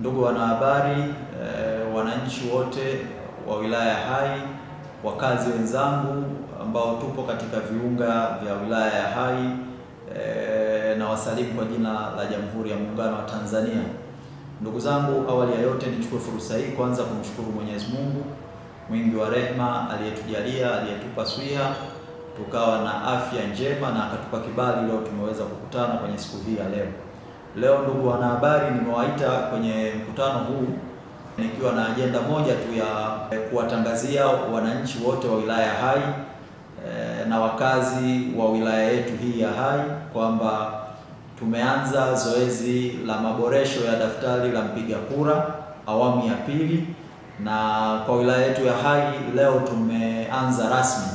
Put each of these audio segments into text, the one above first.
Ndugu wanahabari, eh, wananchi wote wa wilaya ya Hai, wakazi wenzangu ambao tupo katika viunga vya wilaya ya Hai eh, na wasalimu kwa jina la Jamhuri ya Muungano wa Tanzania. Ndugu zangu, awali ya yote nichukue fursa hii kwanza kumshukuru Mwenyezi Mungu mwingi wa rehema aliyetujalia, aliyetupa swiha tukawa na afya njema na akatupa kibali leo tumeweza kukutana kwenye siku hii ya leo. Leo ndugu wanahabari, nimewaita kwenye mkutano huu nikiwa na ajenda moja tu ya eh, kuwatangazia wananchi wote wa wilaya ya Hai eh, na wakazi wa wilaya yetu hii ya Hai kwamba tumeanza zoezi la maboresho ya daftari la mpiga kura awamu ya pili, na kwa wilaya yetu ya Hai leo tumeanza rasmi.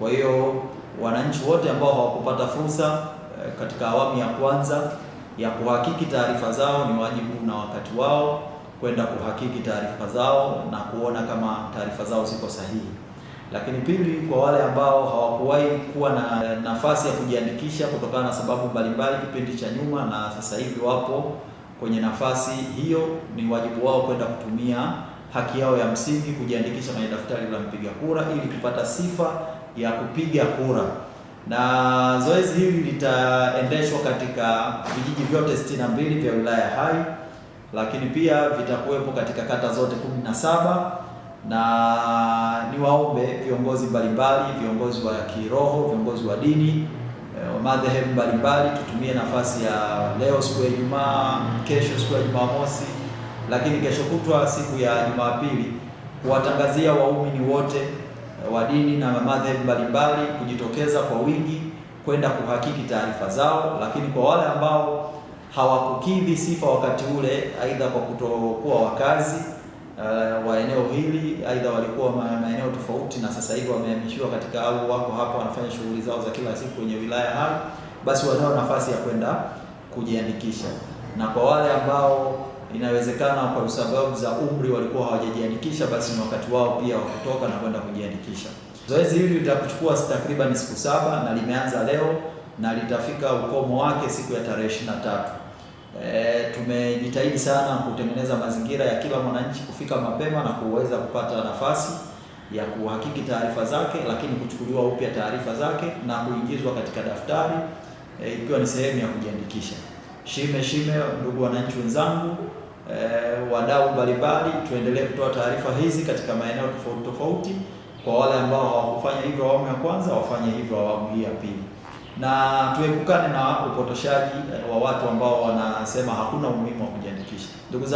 Kwa hiyo wananchi wote ambao hawakupata fursa eh, katika awamu ya kwanza ya kuhakiki taarifa zao, ni wajibu na wakati wao kwenda kuhakiki taarifa zao na kuona kama taarifa zao ziko sahihi. Lakini pili, kwa wale ambao hawakuwahi kuwa na nafasi ya kujiandikisha kutokana na sababu mbalimbali kipindi cha nyuma na sasa hivi wapo kwenye nafasi hiyo, ni wajibu wao kwenda kutumia haki yao ya msingi kujiandikisha kwenye daftari la mpiga kura ili kupata sifa ya kupiga kura na zoezi hili litaendeshwa katika vijiji vyote 62 mbili vya wilaya Hai, lakini pia vitakuwepo katika kata zote kumi na saba na niwaombe viongozi mbalimbali, viongozi wa kiroho, viongozi wa dini wa eh, madhehebu mbalimbali, tutumie nafasi ya leo siku ya Ijumaa, kesho siku ya Jumamosi, lakini kesho kutwa siku ya Jumapili kuwatangazia waumini wote Eh, wa dini na madhehebu mbalimbali kujitokeza kwa wingi kwenda kuhakiki taarifa zao, lakini kwa wale ambao hawakukidhi sifa wakati ule, aidha kwa kutokuwa wakazi uh, wa eneo hili, aidha walikuwa maeneo tofauti na sasa hivi wamehamishiwa katika au wako hapa wanafanya shughuli zao za kila siku kwenye wilaya hapo, basi wanao nafasi ya kwenda kujiandikisha, na kwa wale ambao inawezekana kwa sababu za umri walikuwa hawajajiandikisha, basi ni wakati wao pia wa kutoka na kwenda kujiandikisha. Zoezi hili litakuchukua takriban siku saba na limeanza leo na litafika ukomo wake siku ya tarehe ishirini na tatu. E, tumejitahidi sana kutengeneza mazingira ya kila mwananchi kufika mapema na kuweza kupata nafasi ya kuhakiki taarifa zake, lakini kuchukuliwa upya taarifa zake na kuingizwa katika daftari e, ikiwa ni sehemu ya kujiandikisha. Shime shime, ndugu wananchi wenzangu e, wadau mbalimbali, tuendelee kutoa taarifa hizi katika maeneo tofauti tofauti. Kwa wale ambao hawakufanya hivyo awamu ya kwanza, wafanye hivyo awamu hii ya pili, na tuepukane na upotoshaji eh, wa watu ambao wanasema hakuna umuhimu wa kujiandikisha. Ndugu zangu